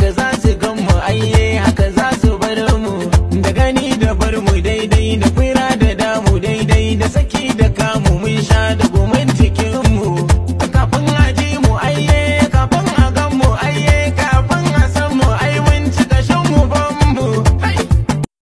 cause I